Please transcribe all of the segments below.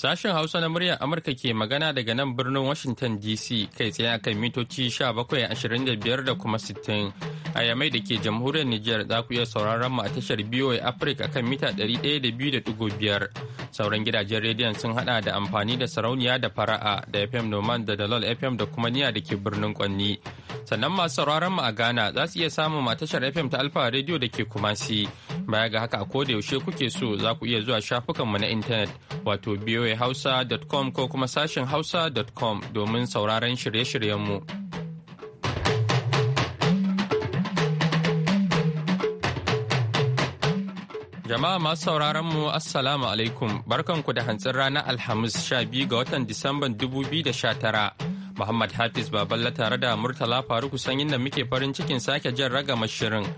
Sashen Hausa na muryar Amurka ke magana daga nan birnin Washington DC kai tsaye akan mitoci 1725 da kuma 60 a yamai da ke jamhuriyar Nijar za ku iya sauraron mu a tashar BOA Africa kan mita 102.5 sauran gidajen rediyon sun hada da amfani da sarauniya da fara'a da FM Noman da Dalol FM da kuma niya da ke birnin Kwanni. sannan masu sauraron mu a Ghana za su iya samun matashar FM ta Alfa Radio da ke Kumasi. Baya ga haka a da yaushe kuke so za ku iya zuwa shafukanmu na intanet wato voahausa.com ko kuma sashen hausa.com domin sauraron shirye-shiryenmu. Jama'a masu sauraron mu Assalamu alaikum barkanku da hantsin ranar Alhamis 12 ga watan Disamban 2019. Muhammad Hafiz Baballa tare da Murtala Faruku san da muke farin cikin sake jan ragama shirin.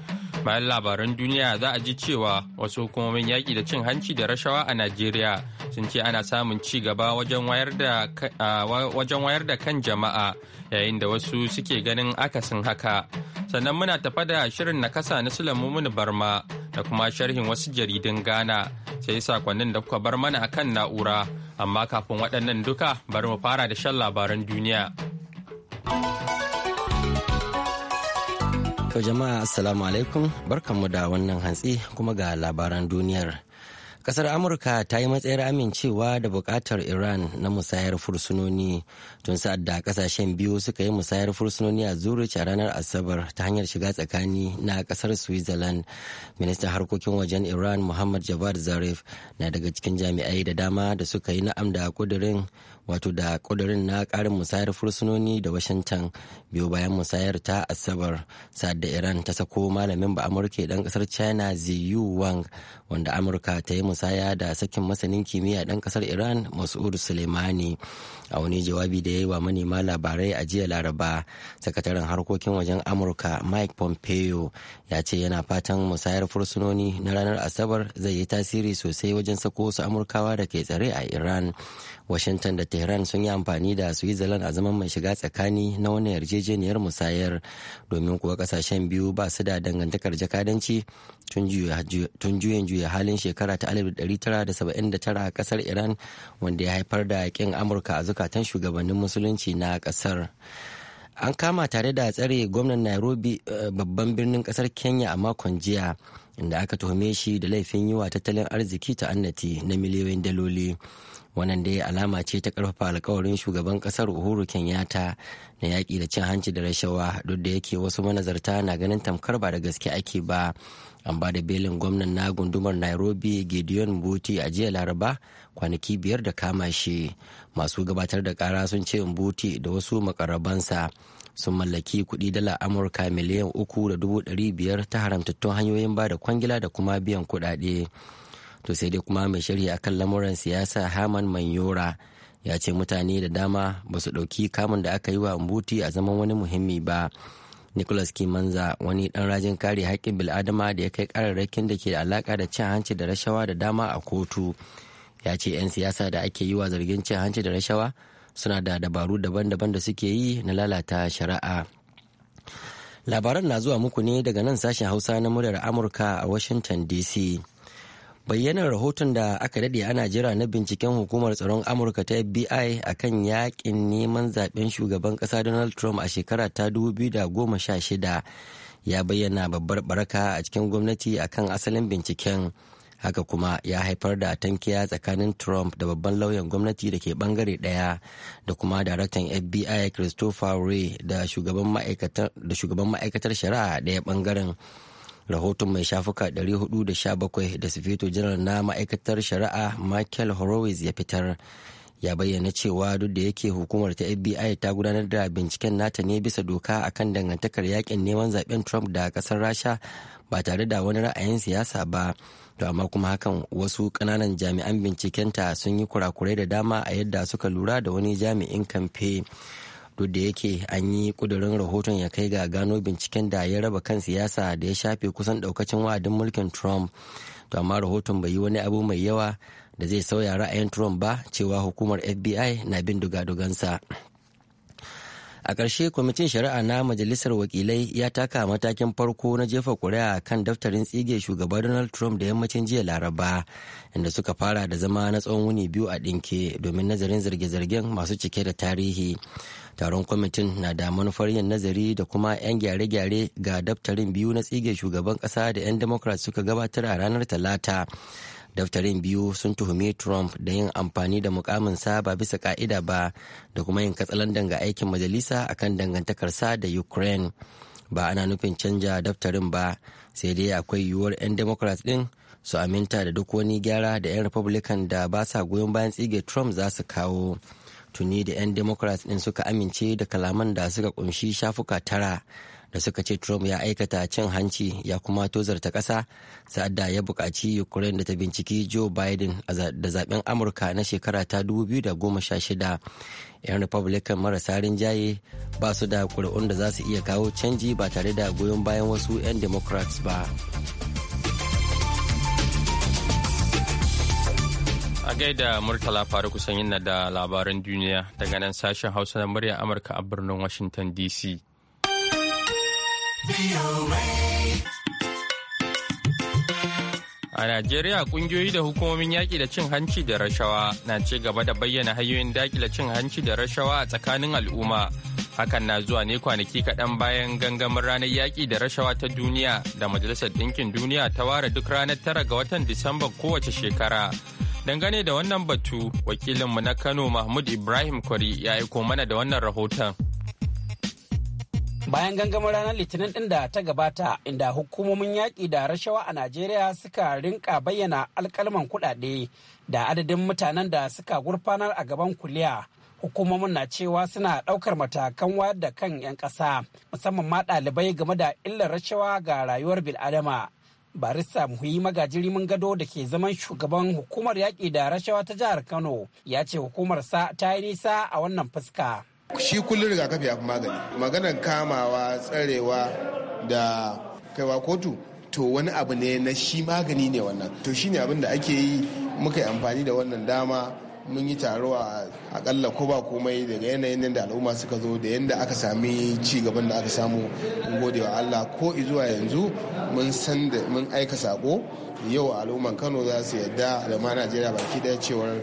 Bayan labaran duniya za a ji cewa wasu hukumomin yaƙi da cin hanci da rashawa a Najeriya sun ce ana samun ci gaba wajen wayar da kan jama'a yayin da wasu suke ganin akasin haka. Sannan muna tafa da shirin na kasa na Sulaimu Barma da kuma sharhin wasu jaridun Ghana sai sakonnin da kuka bar mana akan na'ura. amma kafin waɗannan duka bari mu fara da shan labaran duniya. To jama'a assalamu alaikum barkanmu da wannan hantsi kuma ga labaran duniyar. Kasar Amurka ta yi matsayar amincewa da bukatar Iran na musayar fursunoni tun sa'ad da kasashen biyu suka yi musayar fursunoni a Zurich a ranar Asabar ta hanyar shiga tsakani na kasar Switzerland. Ministan harkokin wajen Iran Muhammad Javad Zarif na daga cikin jami'ai da dama da suka yi na'am da kudirin wato da kudirin na karin musayar fursunoni da Washington biyu bayan musayar ta Asabar sa'ad da Iran ta sako malamin ba Amurka dan kasar China Ziyu Wang wanda Amurka ta yi musaya da sakin masanin kimiyya ɗan ƙasar iran mas'ud suleimani a wani jawabi da ya yi wa manema labarai a jiya laraba sakataren harkokin wajen amurka mike pompeo ya ce yana fatan musayar fursunoni na ranar asabar zai yi tasiri sosai wajen sako wasu amurkawa da ke tsare a iran washington da tehran sun yi amfani da switzerland a zaman mai shiga tsakani na wannan yarjejeniyar musayar domin kuwa kasashen biyu ba su da dangantakar jakadanci tun juyin juya halin shekara ta 1979 a kasar iran wanda ya haifar da yakin amurka a zukatan shugabannin musulunci na kasar an kama tare da tsare gwamnan nairobi eh, babban birnin kasar kenya a makon jiya inda aka tuhume shi da laifin yiwa tattalin arziki ta annati na miliyoyin daloli wannan dai alama ce ta karfafa alkawarin shugaban kasar uhuru kenyatta na yaƙi da cin hanci da rashawa duk da yake wasu manazarta na ganin tamkar ba da gaske ake ba an ba da belin gwamnan na gundumar nairobi gideon Mbuti a jiya laraba kwanaki biyar da kama shi masu gabatar da kara sun ce mbuti da wasu makarabansa sun mallaki kuɗi dala amurka miliyan uku da dubu ɗari biyar ta haramtattun hanyoyin ba da kwangila da kuma biyan kuɗaɗe to sai dai kuma mai shirya akan lamuran siyasa haman manyora ya ce mutane da dama ba su ɗauki kamun da aka yi wa mbuti a zaman wani muhimmi ba nicholas kimanza wani ɗan rajin kare haƙƙin bil'adama da ya kai ƙararrakin da ke da alaƙa da cin hanci da rashawa da dama a kotu ya ce 'yan siyasa da ake yi wa zargin cin hanci da rashawa suna da dabaru daban-daban da suke yi na lalata shari'a labaran na zuwa muku ne daga nan sashen hausa na muryar amurka a washington dc bayyanar rahoton da aka dade ana jira na binciken hukumar tsaron amurka ta fbi a kan yakin neman zaɓen shugaban ƙasa donald trump a shekara ta 2016 ya bayyana babbar baraka a cikin gwamnati akan asalin binciken haka kuma ya haifar da tankiya tsakanin trump da babban lauyan gwamnati da ke bangare daya da kuma daraktan fbi christopher wray da shugaban ma'aikatar shari'a daya bangaren rahoton mai shafuka 417 da sufeto janar na ma'aikatar shari'a michael horowitz ya fitar ya bayyana cewa duk da yake hukumar ta fbi ta gudanar da binciken nata ne bisa doka akan dangantakar yakin neman zaben trump da kasar rasha ba tare da wani ra'ayin siyasa ba to amma kuma hakan wasu kananan jami'an bincikenta sun yi kurakurai da dama a yadda suka lura da wani jami'in kamfe duk da yake an yi kudurin rahoton ya kai ga gano binciken da ya raba kan siyasa da ya shafe kusan daukacin wa'adin mulkin trump to amma rahoton bai yi wani abu mai yawa da zai sauya ra'ayin trump ba cewa hukumar fbi na bin dugadugansa a ƙarshe kwamitin shari'a na majalisar wakilai ya taka matakin farko na jefa ƙuri'a kan daftarin tsige shugaban donald trump da yammacin jiya laraba inda suka fara da zama na tsawon wuni biyu a ɗinke domin nazarin zarge-zargen masu cike da tarihi taron kwamitin na da manufar yin nazari da kuma 'yan gyare-gyare ga daftarin biyu na tsige shugaban ƙasa da 'yan democrat suka gabatar a ranar talata daftarin biyu sun tuhumi trump da yin amfani da mukaminsa ba bisa ka'ida ba da kuma yin katsalandan ga aikin majalisa akan dangantakarsa da ukraine ba ana nufin canja daftarin ba sai dai akwai yiwuwar 'yan democrat din su aminta da duk wani gyara da 'yan republican da ba sa goyon bayan tsige trump za su kawo tuni da 'yan democrat din suka amince da kalaman da suka kunshi shafuka tara da suka ce Trump ya aikata cin hanci ya kuma tozarta ƙasa da ya buƙaci Ukraine da ta binciki Joe Biden da zaben Amurka na shekara ta 2016. 'Yan Republican marasa rinjaye ba su da ƙuri'un da za su iya kawo canji ba tare da goyon bayan wasu 'yan Democrats ba. A gaida Murtala Faruku sanyin na da labaran duniya daga nan sashen Hausa na murya Amurka a birnin Washington DC. A Najeriya kungiyoyi da hukumomin yaƙi da cin hanci da rashawa na ci gaba da bayyana hanyoyin daƙila cin hanci da rashawa a tsakanin al'umma. Hakan na zuwa ne kwanaki kaɗan bayan gangamin ranar yaƙi da rashawa ta duniya da Majalisar Ɗinkin Duniya ta ware duk ranar tara ga watan Disamba kowace shekara. Dangane da wannan batu, wakilinmu na Kano Mahmud Ibrahim Kwari ya aiko mana da wannan rahoton. bayan gangamin ranar litinin din da ta gabata inda hukumomin yaƙi da rashawa a najeriya suka rinka bayyana alkalman kuɗaɗe da adadin mutanen da suka gurfanar a gaban kuliya hukumomin na cewa suna ɗaukar matakan wayar da kan 'yan ƙasa musamman ma ɗalibai game da illar rashawa ga rayuwar bil'adama barista muhi magajiri gado da ke zaman shugaban hukumar yaƙi da rashawa ta jihar kano ya ce hukumarsa ta yi nisa a wannan fuska shi kullum rigakafi ya fi magani maganar kamawa tsarewa da kaiwa kotu to wani abu ne na shi magani ne wannan to shi ne abin da ake yi muka yi amfani da wannan dama mun yi taro a akalla ko ba komai daga yanayin yadda al'umma suka zo da yadda aka sami ci gaban da aka samu mun gode wa Allah ko zuwa yanzu mun san da mun aika sako yau al'umman Kano za su yadda da ma Najeriya baki daya cewar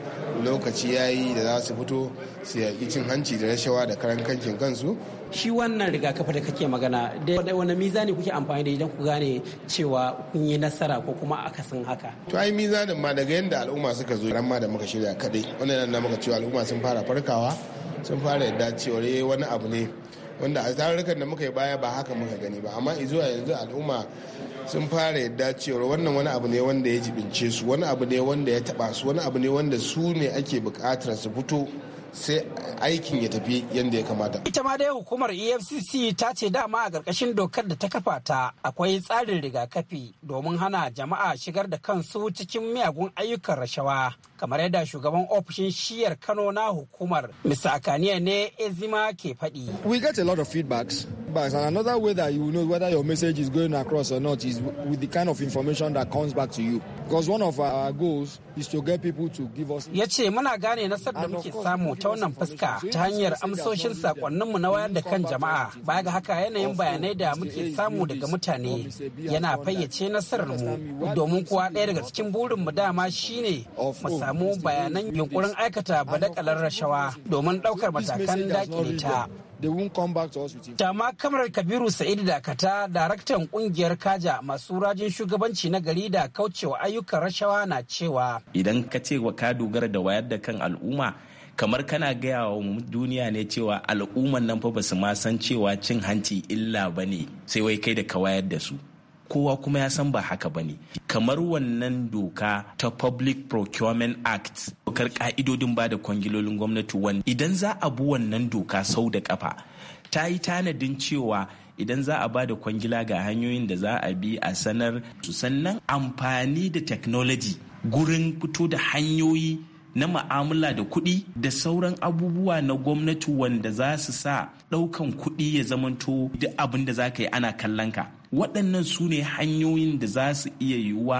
lokaci yayi da za su fito su yaki cin hanci da rashawa da karan kankin kansu shi wannan rigakafi da kake magana da wani mizani kuke amfani da idan ku gane cewa kun yi nasara ko kuma akasin haka to ai mizanin ma daga yadda al'umma suka zo ran ma da muka shirya kadai wannan nan muka cewa al'umma sun sun fara farkawa sun fara yadda cewar eh, wani abu ne wanda a tarurrukan da muka yi baya ba haka muka gani ba amma zuwa yanzu al'umma sun fara yadda cewar wannan wani abu ne wanda ya jibince su wani abu ne wanda ya taba su wani abu ne wanda su ne ake bukatar su fito sai aikin ya tafi yadda ya kamata. Ita ma dai hukumar EFCC ta ce dama a ƙarƙashin dokar da ta kafa ta akwai tsarin rigakafi domin hana jama'a shigar da kansu cikin miyagun ayyukan rashawa. Kamar yadda shugaban ofishin shiyar Kano na hukumar Mr. Akaniya ne Ezima ke faɗi. We get a lot of feedbacks back. And another way that you know whether your message is going across or not is with the kind of information that comes back to you. Because one of our goals is to get people to give us. Ya ce muna gane nasarar da muke samu ta wannan fuska ta hanyar amsoshin sakonninmu na wayar da kan jama'a. Baya ga haka yanayin bayanai da muke samu daga mutane yana fayyace nasarar mu domin kuwa ɗaya daga cikin burin mu dama shine mu samu bayanan yunkurin aikata badakalar rashawa domin ɗaukar matakan dakile ta. they won't come back to us with him. Dama kamar Kabiru Sa'idu Dakata, daraktan kungiyar Kaja masu rajin shugabanci na gari da kaucewa ayyukan rashawa na cewa. Idan ka ce ka dogara da wayar da kan al'umma kamar kana gaya wa duniya ne cewa al'umman nan fa su ma san cewa cin hanci illa ba ne sai wai kai da ka wayar da su. kowa kuma ya san ba haka ba ne kamar wannan doka ta public procurement act dokar ka'idodin ba da kwangilolin gwamnati wani idan za a bu wannan doka sau da kafa ta yi tanadin cewa idan za a ba da kwangila ga hanyoyin da za a bi a sanar su sannan amfani da technology gurin fito da hanyoyi na ma'amala da kuɗi da sauran abubuwa na gwamnati wanda za su sa ɗaukan kuɗi ya zamanto duk abin da za ka yi ana kallon ka waɗannan su ne hanyoyin da za su iya yiwuwa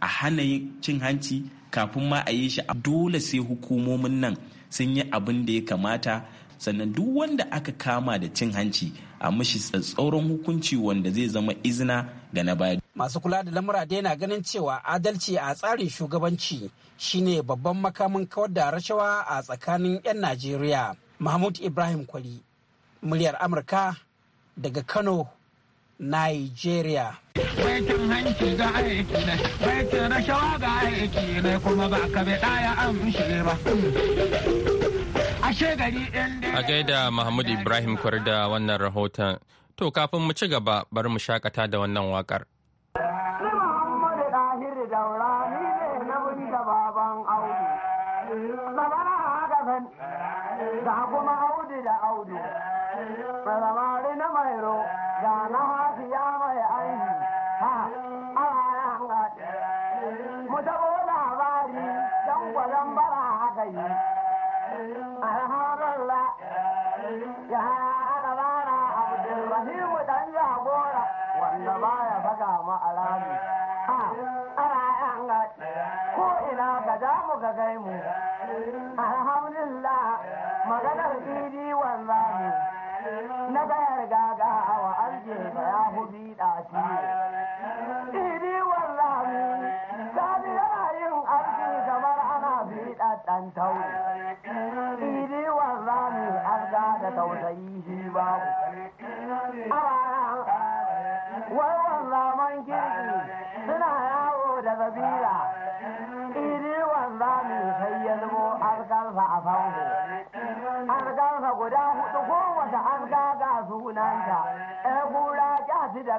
a hana cin hanci kafin ma a yi shi dole sai hukumomin nan sun yi abin da ya kamata sannan duk wanda aka kama da cin hanci a mashi tsatsauran hukunci wanda zai zama izina ga na baya masu kula da lamura dai na ganin cewa adalci a tsarin shugabanci shine babban makamin kawar da rashawa a tsakanin 'yan najeriya mahmud ibrahim kwali muryar amurka daga kano nigeria baitin hanci ga aiki ne baitin rashawa ga aiki ne kuma ba ka ɗaya ba a gaida mahmud ibrahim kwari da wannan rahoton to kafin mu ci gaba bari mu shakata da wannan wakar. da kuma audi da audu mai na mairo ga na hafiya mai aini ha ana yan gaɗi mu tabo labari dan kwazon bara haka yi alhamdulillah ya ana bara abdulrahimu dan jagora wanda baya faga ma alami ha ana ko ina ba za mu ga gaimu alhamdulillah maganar idi wanzami na gayar gaga wa arje ba ya hubi ɗaci idi wanzami sani yana yin arji kamar ana bi ɗan tauri idi wanzami an ga da tausayi shi babu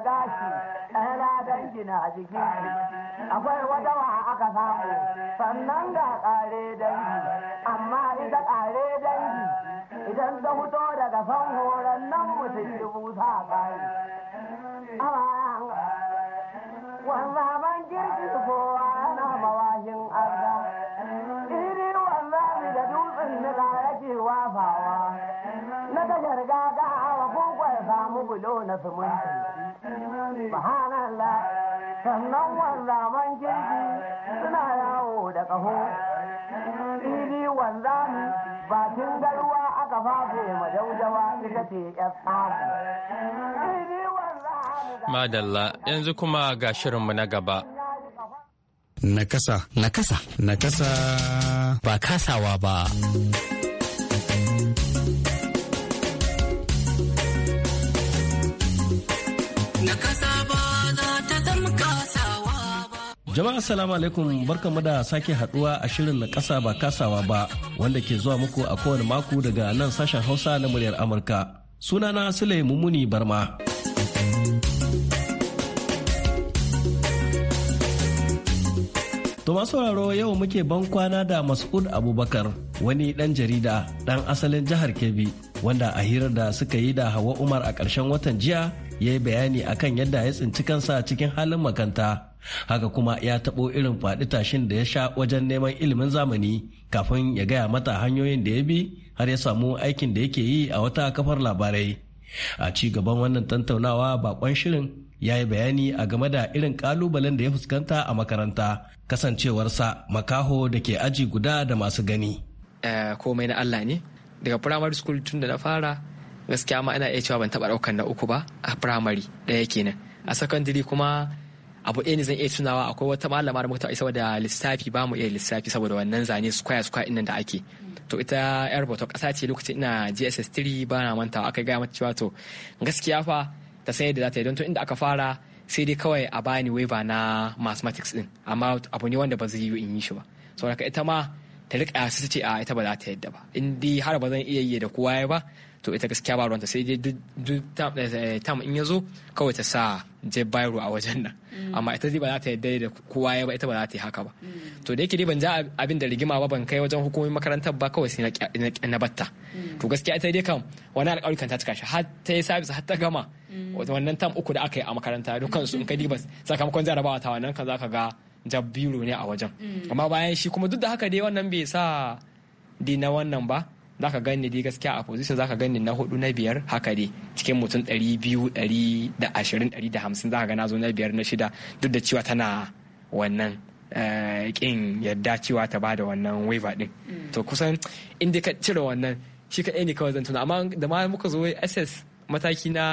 da gashi ɗana dangina jiki akwai wata wa aka samu sannan ga ƙare dangi amma ita ƙare dangi idan ta fito daga san horon nan mutum dubu sa ƙari wanda ban girki kowa yana mawashin arda iri wanda da dutsen nika yake wafawa na tashar gaga mu bulo na zumunci subhanallah sannan wanzaman girki suna yawo da ƙaho fili wanzami bakin garwa aka fafe majaujawa ita ce yar samu madalla yanzu kuma ga shirinmu na gaba nakasa nakasa nakasa ba kasawa ba Jama'a salamu alaikum barkamu da sake haduwa a shirin na kasa ba kasawa ba wanda ke zuwa muku a kowane mako daga nan sashen Hausa na muryar Amurka. Sunana Sule Mumuni Barma. To masu sauraro yau muke ban kwana da Mas'ud Abubakar wani dan jarida dan asalin jihar Kebbi wanda a hirar da suka yi da Hawa Umar a ƙarshen watan jiya ya yi bayani akan yadda ya tsinci kansa cikin halin makanta haka kuma ya taɓo irin faɗi tashin da ya sha wajen neman ilimin zamani kafin ya gaya mata hanyoyin da ya bi har ya samu aikin da yake yi a wata kafar labarai a ci gaban wannan tantaunawa bakon shirin ya yi bayani a game da irin kalubalen da ya fuskanta a makaranta kasancewarsa makaho da ke aji guda da masu gani eh, komai na allah ne daga primary school tun da na fara gaskiya ma ina iya cewa ban taɓa ɗaukan na uku ba a firamare ɗaya kenan a sakandari kuma abu ɗaya ne zan iya tunawa akwai wata malama da a isa saboda lissafi ba mu iya lissafi saboda wannan zane square square ɗin da ake to ita yar bato ƙasa ce lokacin ina G.S.S 3 ba na mantawa aka gaya mata cewa to gaskiya fa ta san yadda za ta yi don to inda aka fara sai dai kawai a bani waiva na mathematics din amma abu ne wanda ba zai yi in yi shi ba saboda ita ma ta riƙa su ce a ita ba za ta yadda ba in dai har ba zan iya yi da kowa ya ba to ita gaskiya ba ruwanta sai dai duk eh, eh, tam in ya zo kawai ta sa je bayro a wajen nan mm. amma ita ba za ta yadda da kowa ya ba ita ba za ta yi haka ba mm. to da yake dai ban ja abin da rigima ba ban kai wajen hukumomin makarantar ba kawai sai na batta mm. to gaskiya ita dai kam wani alƙawari kan ta cika shi har ta yi sabis har ta gama wannan tam uku da aka yi a makaranta dukansu in ka diba sakamakon jarabawa ta wannan kan za ka ga jabbiro ne a wajen amma bayan shi kuma duk da haka dai wannan bai sa di na wannan ba za ka gani dai gaskiya a position za ka gani na hudu na biyar haka dai cikin mutum ɗari biyu ɗari da ashirin ɗari da hamsin za ka gana zo na biyar na shida duk da cewa tana wannan kin eh, yadda cewa ta bada wannan waiver din mm. to kusan in ka cire wannan shi kaɗai ne kawai zan tuna amma da ma muka zo ss mataki na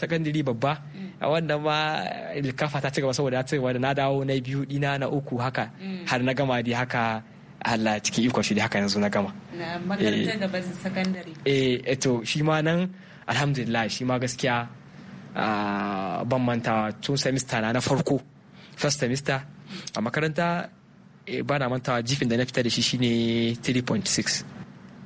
sakandiri babba mm. wanda ma kafa ta ci gaba saboda ta na dawo na biyu dina na uku haka mm. har na gama dai haka Allah cikin ikon shi da haka yanzu na gama makarantar eh. da eh, eh to shi ma nan alhamdulillah shi ma gaskiya ah, ban manta tun semester na na farko first semester a makaranta ba na mantawa jifin da na fita da shi shine 3.6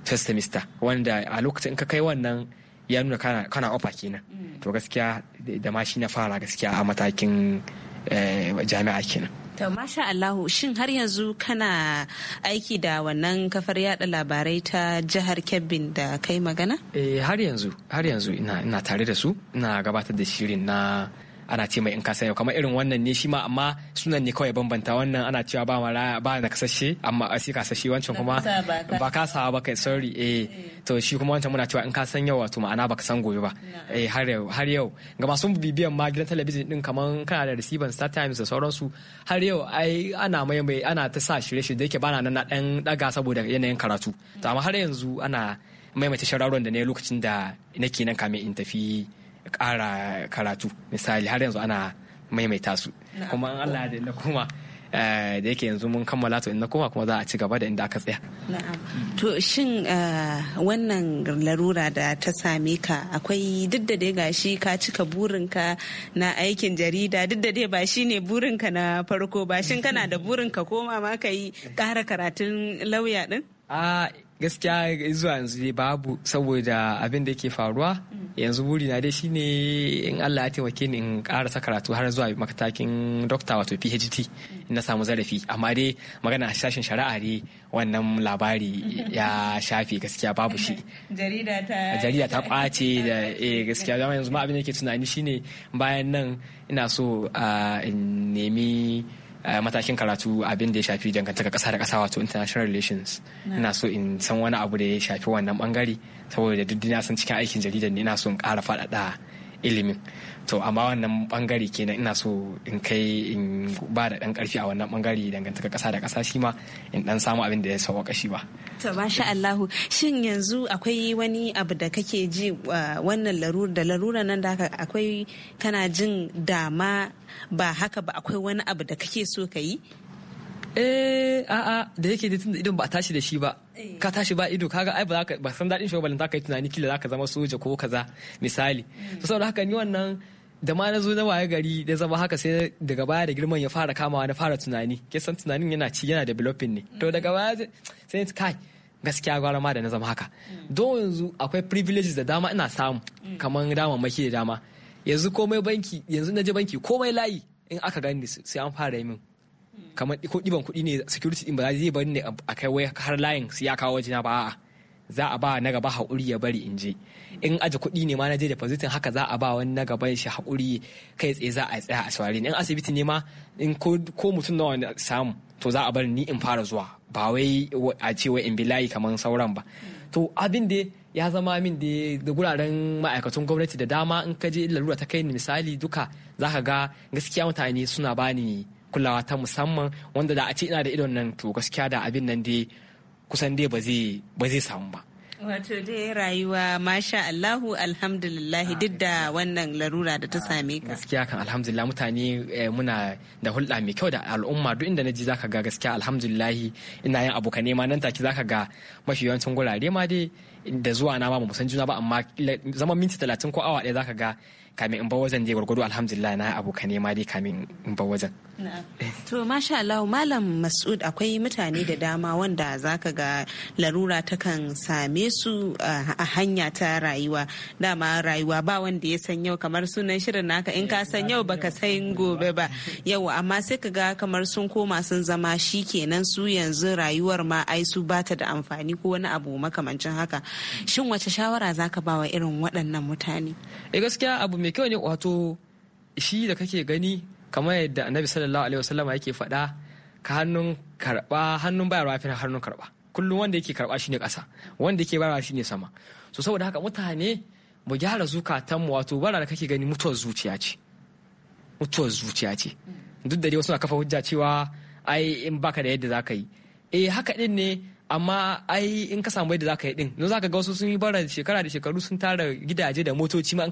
first semester wanda a lokacin ka kai wannan ya nuna kana ofa kenan mm. to gaskiya da ma shi na fara gaskiya a matakin Eh, jami'a kenan To masha Allahu shin har yanzu kana aiki da wannan kafar yada labarai ta jihar Kebbin da kai magana? Eh har yanzu har yanzu ina tare da su ina gabatar da shirin na ana ce mai in ka sayo kamar irin wannan ne shi ma amma sunan ne kawai bambanta wannan ana cewa ba mara ba na kasashe amma a sai kasashe wancan kuma ba ka sawa ba kai sorry eh. eh to shi kuma wancan muna cewa in ka san yau wato ma'ana baka san gobe ba eh har yau har yau ga masu bibiyan ma gidan talabijin din kaman kana da receiver star times da sauransu har yau ai ana mai mai ana ta sa shirye shirye da yake bana nan na dan daga saboda yanayin karatu to amma har yanzu ana maimaita shararon da ne lokacin da nake nan kamin in tafi ƙara karatu misali har yanzu ana maimaita su kuma an Allah da na koma da yake yanzu mun kammala to in na kuma za a ci gaba da inda aka tsaya. To shin eh, wannan larura da ta same ka akwai duk da dai gashi ka cika burinka na aikin jarida duk da dai ba shi burinka na farko ba shin kana da burinka koma ma ka yi ƙara karatun lauya din? Ah, gaskiya zuwa yanzu dai babu saboda abin da yake faruwa yanzu buri na dai shine in Allah ya taimake ni in karasa karatu har zuwa matakin doctor wato PhD na samu zarafi amma dai magana a sashen shari'a ne wannan labari ya shafe gaskiya babu shi jarida ta kwace da eh, gaskiya dama yanzu ma abin da yake tunani shine bayan nan ina so ah, in nemi matakin karatu abin da ya shafi dangantaka kasa da kasa wato international relations ina so in san wani abu da ya shafi wannan bangare saboda duk na san cikin aikin jaridar ne ina so in ƙara faɗaɗa ilimin to amma wannan bangare kenan ina so in kai in ba da dan karfi a wannan bangare dangantaka kasa da kasa shi ma in dan samu abin da ya sauka shi ba to masha Allahu shin yanzu akwai wani abu da kake ji uh, wannan larura da larura nan da akwai kana jin dama ba haka ba akwai wani abu da kake so ka yi eh a'a da yake da tunda idan ba a tashi da shi ba eh. ka tashi ba ido kaga ai ba za ka ba san dadin shugaban ta kai tunani kila zaka zama soja ko kaza misali to mm. saboda haka ni wannan da ma na zo na waye gari da zama haka sai daga baya da girman ya fara kamawa na fara tunani ke san tunanin yana ci yana developing ne to daga baya sai kai gaskiya gwara ma da na zama haka mm. don yanzu akwai privileges da dama ina samu mm. kamar maki da dama yanzu komai banki yanzu na je banki komai layi in aka gani sai an fara yi min kamar ko ɗiban kuɗi ne security din ba za zai bari ne a kai wai har layin su ya kawo wajena ba a'a za a ba na gaba haƙuri ya bari in je in aje kuɗi ne ma na je depositin haka za a ba wani na gaban shi haƙuri kai tsaye za a tsaya a saurari in asibiti ne ma in ko mutum nawa na samu to za a bar ni in fara zuwa ba wai a ce wai in bi layi kamar sauran ba to abin da ya zama min da guraren ma'aikatan gwamnati da dama in ka je lalura ta kai ni misali duka za ka ga gaskiya mutane suna bani kulawa ta musamman wanda da a ce ina da idon nan to gaskiya da abin nan dai kusan dai ba zai samu ba Wato dai rayuwa masha Allahu alhamdulillah duk da wannan larura da ta same ka. Gaskiya kan alhamdulillah mutane eh, muna da hulɗa mai kyau da al'umma duk inda naji zaka ga gaskiya alhamdulillah ina yin abu ka nema nan take zaka ga mafi yawancin gurare ma dai da zuwa na ma ba mu san juna ba amma zaman minti talatin ko awa ɗaya zaka ga kamin in bar wajen je gwargwado alhamdulillah na ka nema dai kamin in bar wajen to masha Allah malam Masud akwai mutane da dama wanda zaka ga larura takan same su a hanya ta rayuwa dama rayuwa ba wanda ya san yau kamar sunan shirin naka in ka san yau baka san gobe ba yau amma sai ka ga kamar sun koma sun zama shi kenan su yanzu rayuwar ma ai su bata da amfani ko wani abu makamancin haka shin wace shawara zaka bawa irin waɗannan mutane eh gaskiya abu mai mai kyau ne wato shi da kake gani kamar yadda annabi sallallahu alaihi wasallama yake faɗa ka hannun karɓa hannun bayarwa fi hannun karɓa kullum wanda yake karɓa shine ƙasa wanda yake bayarwa shine sama so saboda haka mutane mu gyara zukatanmu wato bara da kake gani mutuwar zuciya ce mutuwar zuciya ce duk da dai wasu na kafa hujja cewa ai in baka da yadda za ka yi eh haka din ne amma ai in ka samu yadda ka yi din don zaka ga wasu sun yi bara shekara da shekaru sun tara gidaje da motoci ma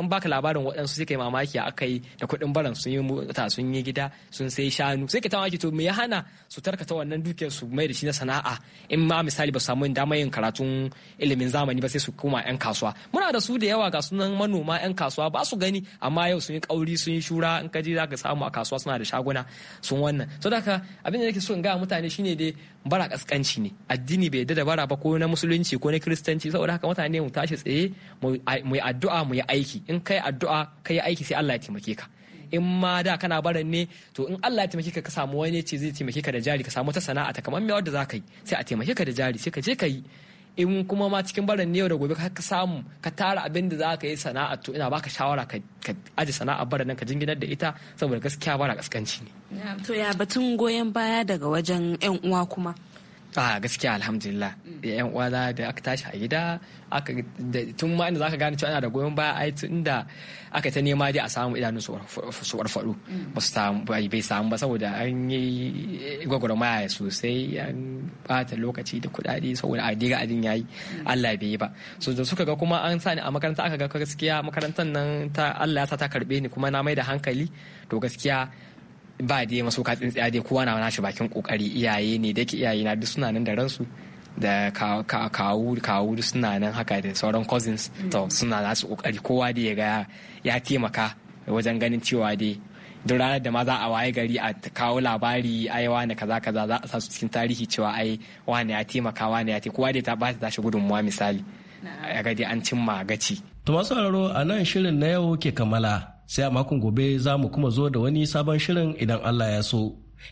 an baka labarin waɗansu sai kai mamaki aka yi da kuɗin baran sun yi mota sun yi gida sun sai shanu sai ka ta mamaki to me ya hana su tarkata wannan dukiyar su mai da shi na sana'a in ma misali ba su samu damar yin karatun ilimin zamani ba sai su koma yan kasuwa muna da su da yawa ga sunan manoma yan kasuwa ba su gani amma yau sun yi kauri sun yi shura in ka je ka samu a kasuwa suna da shaguna sun wannan so da haka abin da nake so in ga mutane shine dai bara kaskanci ne addini bai yadda da bara ba ko na musulunci ko na kiristanci saboda haka mutane mu tashi tsaye mu yi addu'a mu yi aiki in kai addu'a kai aiki sai Allah ya taimake ka in ma da kana barin ne to in Allah ya taimake ka ka samu wani ce zai taimake ka da jari ka samu ta sana'a ta kamar me wanda za ka yi sai a taimake ka da jari sai ka je ka yi in kuma ma cikin barin ne yau da gobe ka samu ka tara abin da za ka yi sana'a to ina baka shawara ka aji sana'a barin nan ka jinginar da ita saboda gaskiya bara kaskanci ne. to ya batun goyon baya daga wajen 'yan uwa kuma. a ah, gaskiya alhamdulillah mm. yan uwana da aka tashi a gida aka tun ma inda zaka gane cewa ana da goyon baya ai tun da aka ta nema dai a samu idanu su warfaru mm. ba su samu bai samu ba saboda an yi gwagwarmaya sosai an bata lokaci da kuɗaɗe saboda a diga adin yayi mm. Allah bai yi ba su da suka ga kuma an sa ni a makaranta aka ga gaskiya makarantar nan ta Allah ya sa ta karbe ni kuma na mai da hankali to gaskiya ba dai masauka ka tsintsiya dai kowa na nashi bakin kokari iyaye ne da ke iyaye na duk suna nan da ransu da kawu kawu suna nan haka da sauran cousins to suna nasu kokari kowa dai ya ga ya taimaka wajen ganin cewa dai duk ranar da ma za a waye gari a kawo labari ai wani kaza kaza za a sa su cikin tarihi cewa ai wani ya taimaka wani ya taimaka kowa dai ta ba ta tashi gudunmuwa misali a ga an cimma gaci. to masu a nan shirin na yau ke kammala sai a makon gobe za mu kuma zo da wani sabon shirin idan Allah ya so.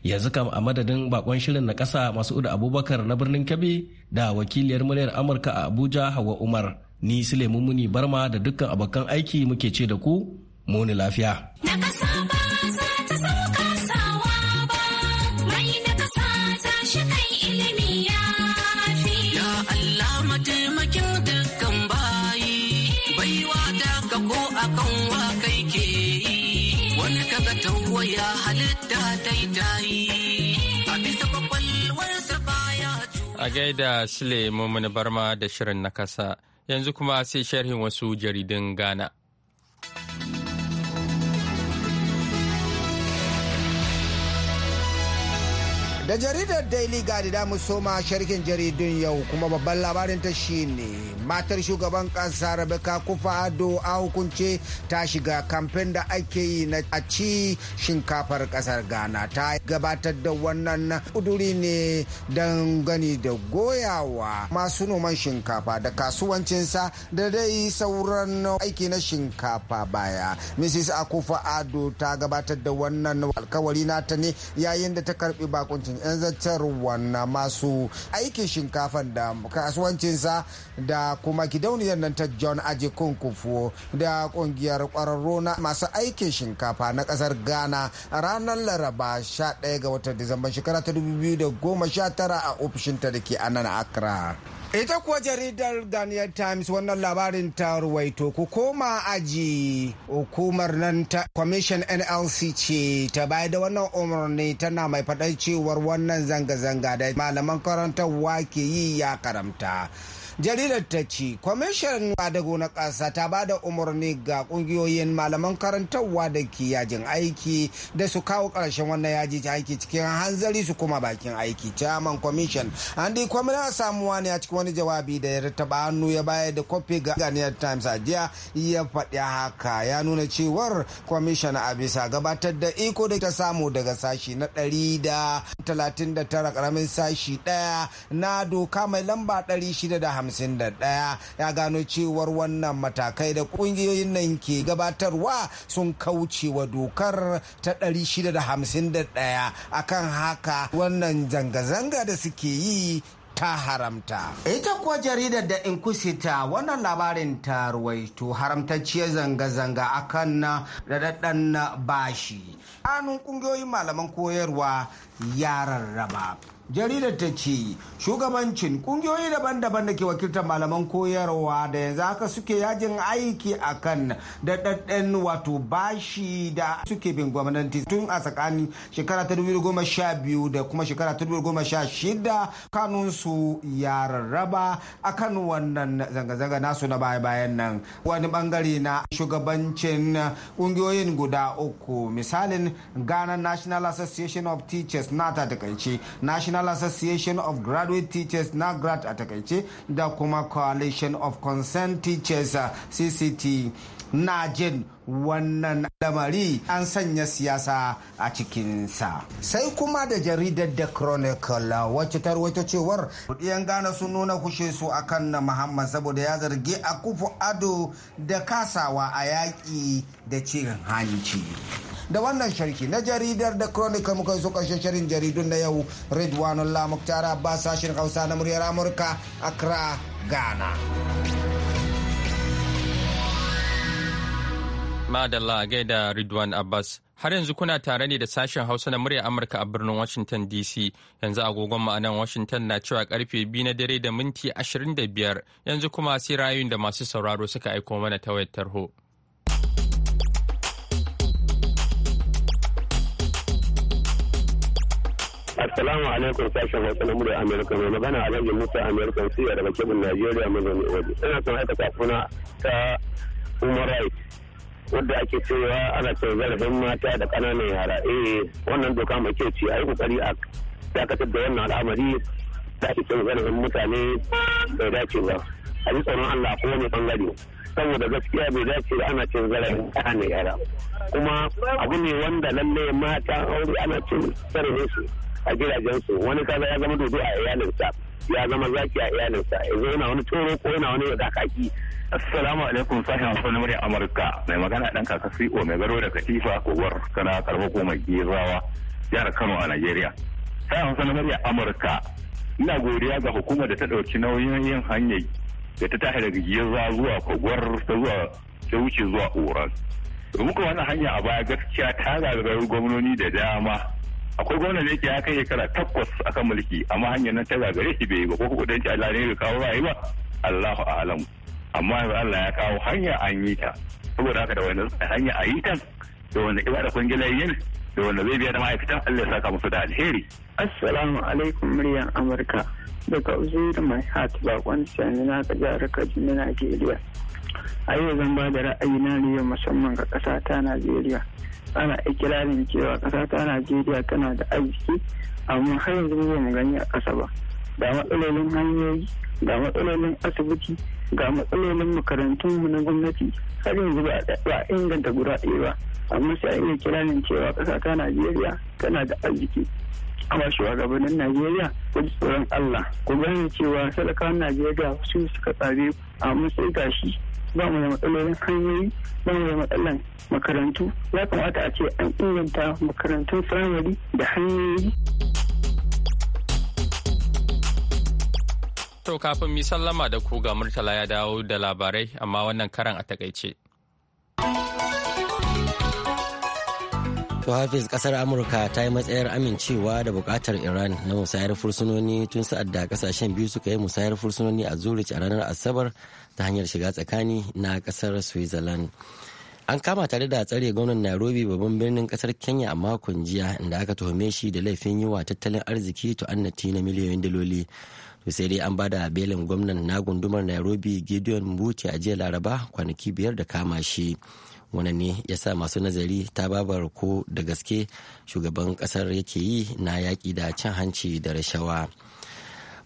Yanzu kam a madadin bakon shirin na ƙasa Masu'udu Abubakar na birnin Kebbi da wakiliyar muryar Amurka a Abuja Hawa Umar. Ni Sulaimu Muni Barma da dukkan abokan aiki muke ce da ku muni lafiya. Na ƙasa ba za ta gaida Sule Mumuni Barma da shirin na kasa, yanzu kuma sai sharhin wasu jaridun Ghana. da jaridar daily gadi da mu soma sharhin jaridun yau kuma babban labarin ta shine matar shugaban kasa rabeka kufa ado a hukunce ta shiga kamfen da ake yi na a ci shinkafar kasar ghana ta gabatar da wannan kuduri ne don gani da goyawa masu noman shinkafa da kasuwancinsa da dai sauran aiki na shinkafa baya mrs akufa ado ta gabatar da wannan alkawari nata ne yayin da ta karbi bakuncin 'yan zartarwa na masu aikin shinkafan da kasuwancinsa da kuma gidauniyar nan ta john aji da kungiyar kwararro na masu aikin shinkafa na kasar ghana ranar laraba 11 ga watan disamban shekara ta 2019 a ofishinta da ke anan accra Ita kuwa jaridar Daniel Times wannan labarin ta ruwaito ku koma aji hukumar nan ta Commission NLC ce ta baya da wannan umarni tana mai faɗar cewar wannan zanga-zanga da malaman karantarwa ke yi ya karamta. jaridar ta ce kwamishin adago na kasa ta ba da umarni ga ƙungiyoyin malaman karantarwa da ke yajin aiki da su kawo ƙarshen wannan yaji aiki cikin hanzari su kuma bakin aiki chairman commission andy kwamina samuwa ne a cikin wani jawabi da ya rattaba hannu ya bayar da kofi ga ganiyar times a jiya ya faɗi haka ya nuna cewar kwamishin a bisa gabatar da iko da ta samu daga sashi na ɗari da talatin da tara ƙaramin sashi ɗaya na doka mai lamba ɗari shida da hamsin 51 ya gano cewar wannan matakai da kungiyoyin nan ke gabatarwa sun kaucewa dokar ta 651 akan haka wannan zanga-zanga da suke yi ta haramta. Ita kuwa jaridar da Inquisita wannan labarin ta ruwaito haramtacciyar zanga-zanga akan raɗaɗɗen bashi. Anun ƙungiyoyin malaman koyarwa ya rarraba. jaridar ta ce shugabancin kungiyoyi daban-daban da ke wakiltar malaman koyarwa da yanzu haka suke yajin aiki a kan daɗaɗɗen wato bashi da suke bin gwamnati tun a tsakanin shekara ta 2012 da kuma shekara ta 2016 kanunsu ya rarraba a kan wannan zanga-zanga nasu na baya-bayan nan wani bangare na shugabancin kungiyoyin guda uku misalin ghana national association of teachers nata takaice national national association of graduate teachers grad a takaice da kuma coalition of concerned teachers cct na jin wannan lamari an sanya siyasa a cikinsa. Sai kuma da jaridar The Chronicle wacce tarwato cewar yan gane sun nuna kushe su a kan na Muhammad saboda ya zargi a kufu ado da kasawa a yaƙi da cin hanci. da wannan sharki na jaridar da chronicle muka so karshen shirin jaridun na yau ridwanul lamuk tara ba sashin hausa na muryar amurka accra ghana madalla gaida ridwan abbas har yanzu kuna tare ne da sashen hausa na murya amurka a birnin washington dc yanzu agogon ma'anan washington na cewa karfe biyu na dare da minti 25 yanzu kuma sai rayun da masu sauraro suka aiko mana ta wayar tarho. Assalamu alaikum sashen wasu na muryar Amerika mai magana Alhaji Musa Amerika siya daga Kebun Najeriya mazauni waje. Ina son haka kafuna ta Human Rights wadda ake cewa ana cin zarafin mata da ƙananan yara. Eh wannan doka mai kyau ce a yi kokari a dakatar da wannan al'amari da ake cin zarafin mutane bai dace ba. A ji tsoron Allah ko wani bangare. saboda gaskiya bai dace da ana cin zarafin ƙananan yara. Kuma abu ne wanda lallai mata aure ana cin zarafin su. a gidajen su wani kaza ya zama dodo a iyalinsa ya zama zaki a iyalinsa yanzu yana wani tsoro ko yana wani dakaki Assalamu alaikum sashen hausa na murya Amurka mai magana dan kaka CEO mai garo da Katifa Kogwar kana karɓar ko mai Gezawa jihar Kano a nigeria. Sashen hausa na murya Amurka ina godiya ga hukumar da ta ɗauki nauyin yin hanyar da ta tashi daga Gezawa zuwa Kogwar ta zuwa ta wuce zuwa Oran. Domin kuwa wannan hanya a baya gaskiya ta gagarar gwamnoni da dama akwai gwamnan ne ke ya kai shekara takwas akan mulki amma hanyar nan ta zagare shi bai yi ba ko ci Allah ne ya kawo rayuwa Allahu a'lam amma yanzu Allah ya kawo hanya an yi ta saboda haka da wani hanya a yi ta da wanda ibada kungila yin da wanda zai biya da ma'aikatan Allah ya saka musu da alheri assalamu alaikum muryan amurka daga uzuri mai hat bakon sani na ga jihar Kaduna Najeriya a yau zan ba da ra'ayi na ne musamman ga kasata ta Najeriya ana ikirarin cewa kasa ta najeriya tana da arziki amma har yanzu ba mu gani a kasa ba ga matsalolin hanyoyi ga matsalolin asibiti ga matsalolin makarantun na gwamnati har yanzu ba a inganta guda ɗaya ba amma sai iya kiranin cewa kasa ta najeriya tana da arziki amma shugabannin najeriya ku tsoron allah ku gane cewa talakawan najeriya su suka tsare amma sai gashi ba mu da matsalolin hanyoyi ba mu da matsalan makarantu ya kamata a ce an inganta makarantun firamare da hanyoyi To kafin mi sallama da ku ga Murtala ya dawo da labarai amma wannan karan a takaice. To Hafiz kasar Amurka ta yi matsayar amincewa da bukatar Iran na musayar fursunoni tun sa'ad da kasashen biyu suka yi musayar fursunoni a Zurich a ranar Asabar ta hanyar shiga tsakani na kasar Switzerland. An kama tare da tsare gwamnan Nairobi babban birnin kasar Kenya a makon jiya inda aka tuhume shi da laifin yi wa tattalin arziki to annati na miliyoyin daloli. to sai dai an bada belin gwamnan na gundumar nairobi gideon mbuti a jiya laraba kwanaki biyar da kama shi wannan ne ya sa masu nazari ta babar ko da gaske shugaban kasar yake yi na yaƙi da cin hanci da rashawa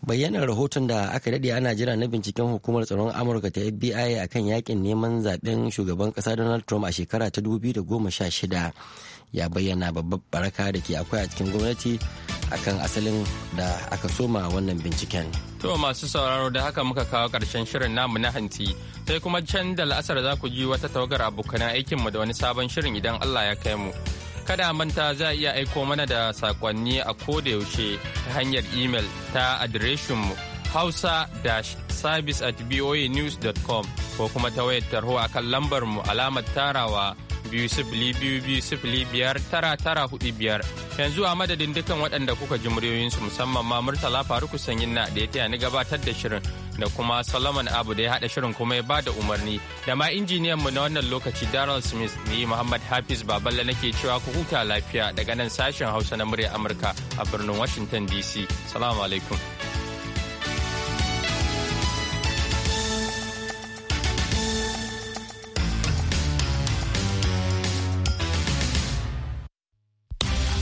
bayyanar rahoton da aka daɗe ana jira na binciken hukumar tsaron amurka ta fbi akan yakin neman zaben shugaban ƙasa donald trump a shekara ta 2016 ya bayyana babbar baraka da ke akwai a cikin gwamnati akan asalin da aka soma wannan binciken. To masu sauraro da haka muka kawo ƙarshen shirin namu na hanti sai kuma can da la'asar za ku ji wata tawagar abokan aikinmu da wani sabon shirin idan Allah ya kai mu. Kada manta za a iya aiko mana da saƙonni a kodayaushe ta hanyar imel ta adireshinmu hausa-service at ko kuma ta wayar tarho akan lambarmu alamar tarawa biyu biyar tara tara biyar yanzu a madadin dukkan waɗanda kuka ji muryoyinsu musamman ma murtala faruku sanyin na da ya taya ni gabatar da shirin da kuma solomon abu da ya haɗa shirin kuma ya ba da umarni da ma injiniyan mu na wannan lokaci daryl smith ni muhammad hafiz baballe nake cewa ku huta lafiya daga nan sashen hausa na murya amurka a birnin washington dc salamu alaikum